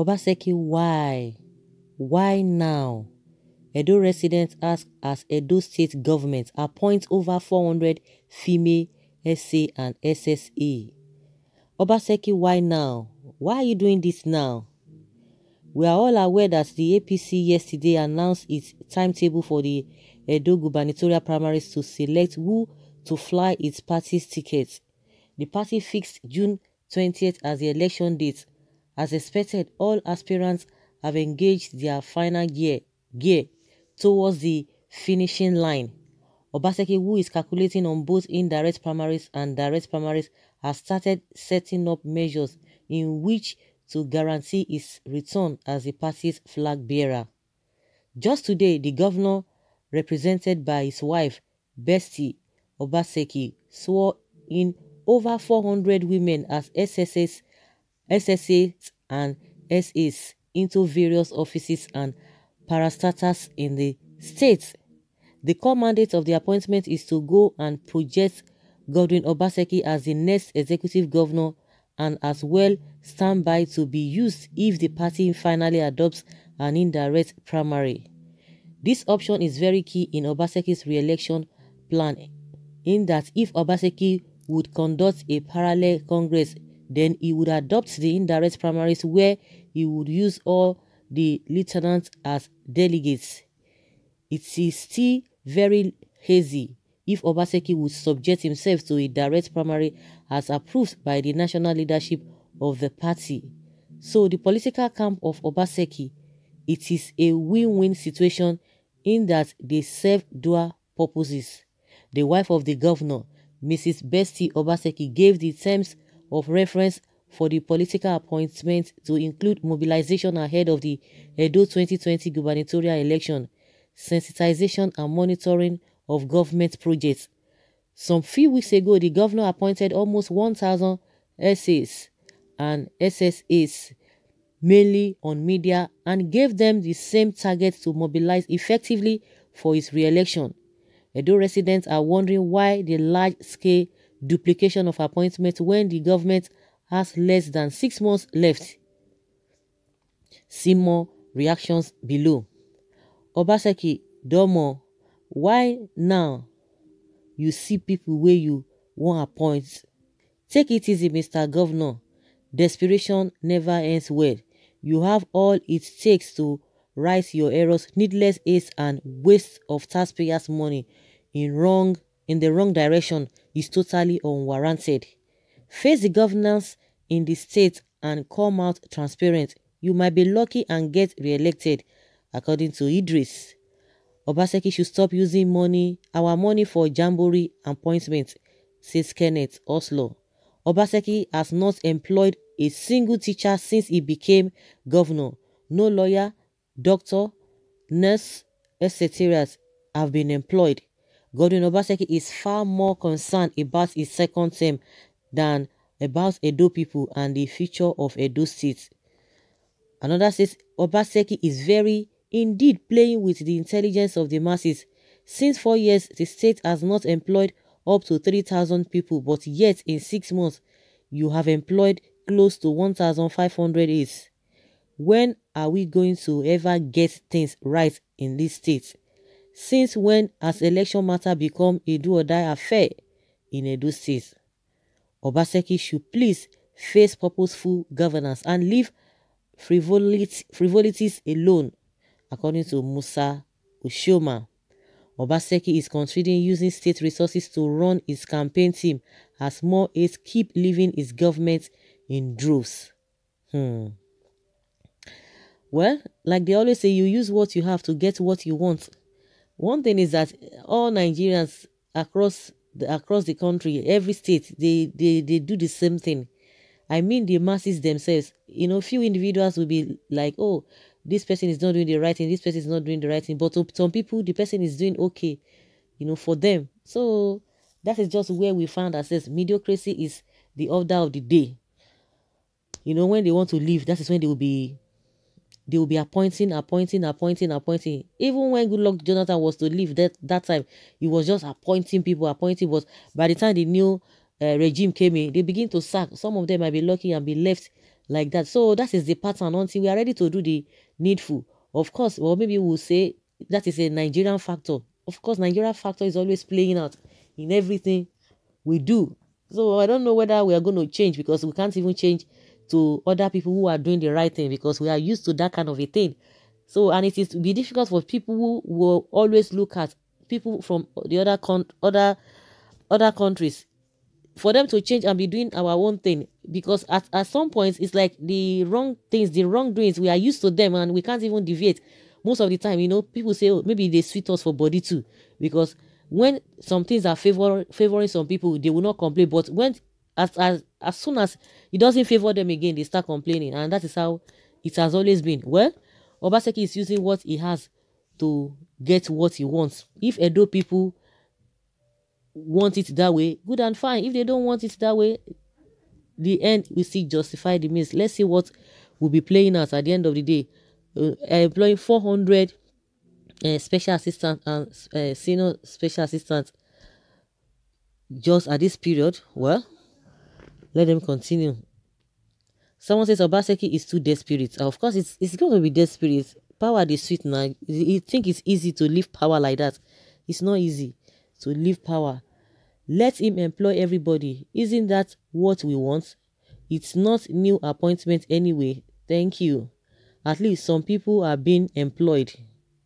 Obaseki why? Why now? Edo residents ask as Edo state government appoints over 400 female SA and SSE. Obaseki why now? Why are you doing this now? We are all aware that the APC yesterday announced its timetable for the Edo gubernatorial primaries to select who to fly its party's tickets. The party fixed June 20th as the election date As expected, all aspirants have engaged their final gear, gear towards the finishing line. Obaseki, who is calculating on both indirect primaries and direct primaries, has started setting up measures in which to guarantee his return as the party's flag bearer. Just today, the governor, represented by his wife, Bestie Obaseki, swore in over 400 women as SSS. SSAs and SAs into various offices and parastatals in the state. The core mandate of the appointment is to go and project Godwin Obaseki as the next executive governor and as well stand by to be used if the party finally adopts an indirect primary. This option is very key in Obaseki's re-election plan in that if Obaseki would conduct a parallel congress then he would adopt the indirect primaries where he would use all the lieutenants as delegates. It is still very hazy if Obaseki would subject himself to a direct primary as approved by the national leadership of the party. So the political camp of Obaseki, it is a win-win situation in that they serve dual purposes. The wife of the governor, Mrs. Bestie Obaseki, gave the terms of reference for the political appointment to include mobilization ahead of the Edo 2020 gubernatorial election, sensitization and monitoring of government projects. Some few weeks ago, the governor appointed almost 1,000 SAs and SSAs, mainly on media, and gave them the same target to mobilize effectively for his re-election. Edo residents are wondering why the large-scale duplication of appointments when the government has less than six months left. See more reactions below. Obaseki, Domo, why now you see people where you want appoint? Take it easy, Mr. Governor. Desperation never ends well. You have all it takes to write your errors, needless is and waste of taxpayers' money in wrong in the wrong direction is totally unwarranted. Face the governance in the state and come out transparent. You might be lucky and get re-elected, according to Idris. Obaseki should stop using money, our money for jamboree appointments, says Kenneth Oslo. Obaseki has not employed a single teacher since he became governor. No lawyer, doctor, nurse, etc. have been employed. Godwin Obaseki is far more concerned about his second term than about Edo people and the future of Edo state. Another says Obaseki is very indeed playing with the intelligence of the masses. Since four years, the state has not employed up to 3,000 people, but yet in six months, you have employed close to 1,500 is. When are we going to ever get things right in this state? Since when has election matter become a do-or-die affair in Edo State? Obaseki should please face purposeful governance and leave frivolity, frivolities alone, according to Musa Oshoma. Obaseki is considering using state resources to run his campaign team as more aides keep leaving his government in droves. Hmm. Well, like they always say, you use what you have to get what you want. One thing is that all Nigerians across the, across the country, every state, they, they, they do the same thing. I mean the masses themselves. You know, few individuals will be like, oh, this person is not doing the right thing, this person is not doing the right thing. But to some people, the person is doing okay, you know, for them. So that is just where we found ourselves. Mediocrity is the order of the day. You know, when they want to leave, that is when they will be they will be appointing, appointing, appointing, appointing. Even when Good Luck Jonathan was to leave that, that time, he was just appointing people, appointing. But by the time the new uh, regime came in, they begin to sack. Some of them might be lucky and be left like that. So that is the pattern until we are ready to do the needful. Of course, well, maybe we'll say that is a Nigerian factor. Of course, Nigerian factor is always playing out in everything we do. So I don't know whether we are going to change because we can't even change to other people who are doing the right thing because we are used to that kind of a thing. So, and it is be difficult for people who will always look at people from the other con- other other countries for them to change and be doing our own thing because at, at some points it's like the wrong things the wrong doings we are used to them and we can't even deviate most of the time you know people say oh, maybe they sweet us for body too because when some things are favor favoring some people they will not complain but when as, as as soon as it doesn't favor them again, they start complaining. And that is how it has always been. Well, Obaseki is using what he has to get what he wants. If Edo people want it that way, good and fine. If they don't want it that way, the end we see justify the means. Let's see what will be playing out at the end of the day. Uh, uh employing 400 uh, special assistants and uh, senior special assistants just at this period. Well, let them continue. Someone says Obaseki is too desperate. Ah, of course, it's it's going to be desperate. Power is sweet now. You think it's easy to leave power like that? It's not easy to leave power. Let him employ everybody. Isn't that what we want? It's not new appointment anyway. Thank you. At least some people are being employed.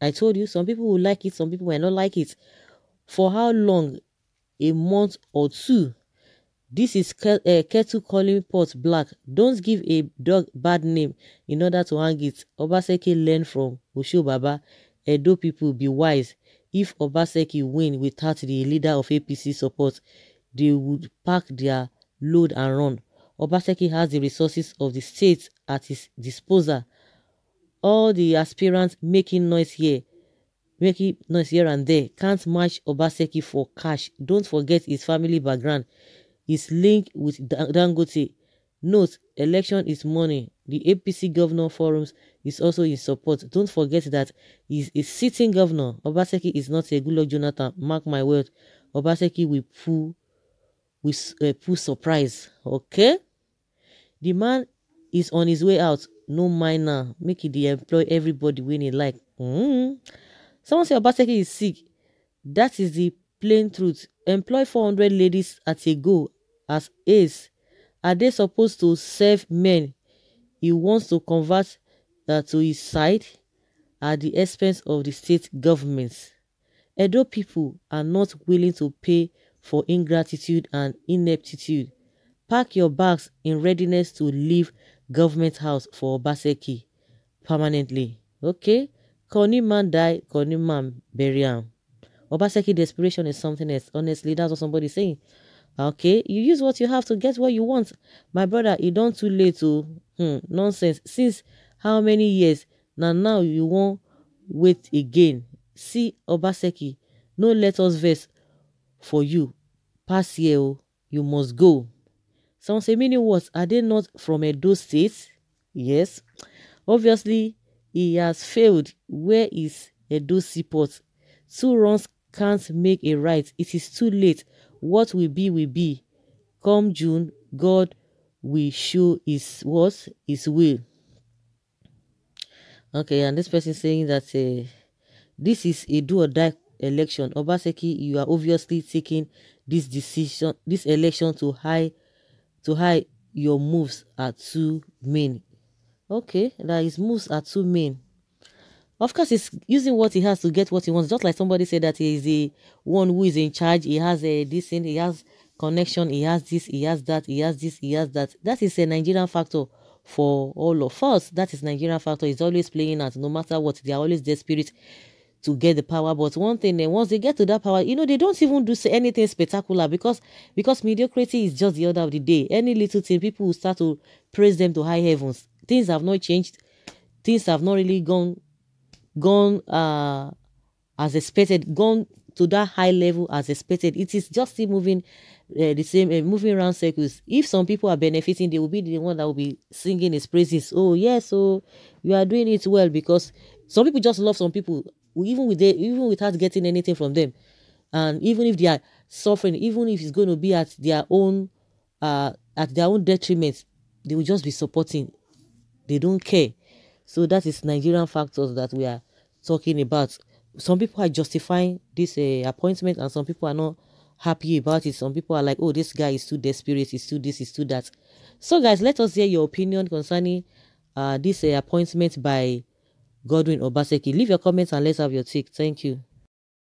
I told you some people will like it, some people will not like it. For how long? A month or two this is a eh, kettle calling pot black. Don't give a dog bad name in order to hang it. Obaseki learned from Osho Baba. Edo people be wise. If Obaseki win without the leader of APC support, they would pack their load and run. Obaseki has the resources of the state at his disposal. All the aspirants making noise here, making noise here and there, can't match Obaseki for cash. Don't forget his family background is linked with Dangote. Note, election is money. The APC Governor Forums is also in support. Don't forget that he's a sitting governor. Obaseki is not a good luck Jonathan. Mark my word. Obaseki will pull, will, uh, pull surprise. Okay? The man is on his way out. No minor. Make it the employ everybody when he like. Mm. Someone say Obaseki is sick. That is the plain truth. Employ 400 ladies at a go as is, Are they supposed to serve men he wants to convert uh, to his side at the expense of the state governments? Edo people are not willing to pay for ingratitude and ineptitude. Pack your bags in readiness to leave government house for Obaseki permanently. Okay? Koni man die, Koni man bury him. Obaseki desperation is something else. Honestly, that's what somebody's saying. okay you use what you have to get what you want my brother e don too late o hmm, nonsense since how many years na now you wan wait again see obaseki no let us vex for you pass here o you must go some say meaning what are they not from edo state yes obviously he has failed where is edo seaport two runs can't make a right it is too late What will be will be. Come June, God will show his what? His will. Okay, and this person saying that uh, this is a do or die election. Obaseki, you are obviously taking this decision, this election to high, to high. Your moves are too mean. Okay, that his moves are too mean. Of course, he's using what he has to get what he wants. Just like somebody said that he is the one who is in charge. He has a eh, this thing, he has connection, he has this, he has that, he has this, he has that. That is a Nigerian factor for all of us. That is Nigerian factor. Is always playing out. No matter what, they are always desperate to get the power. But one thing, then eh, once they get to that power, you know, they don't even do anything spectacular because because mediocrity is just the order of the day. Any little thing, people will start to praise them to high heavens. Things have not changed. Things have not really gone gone uh, as expected, gone to that high level as expected. It is just still moving uh, the same, uh, moving around circles. If some people are benefiting, they will be the one that will be singing his praises. Oh yes, so you are doing it well because some people just love some people, even with they, even without getting anything from them, and even if they are suffering, even if it's going to be at their own, uh, at their own detriment, they will just be supporting. They don't care. So that is Nigerian factors that we are talking about. Some people are justifying this uh, appointment and some people are not happy about it. Some people are like, oh, this guy is too desperate, he's too this, he's too that. So guys, let us hear your opinion concerning uh, this uh, appointment by Godwin Obaseki. Leave your comments and let's have your take. Thank you.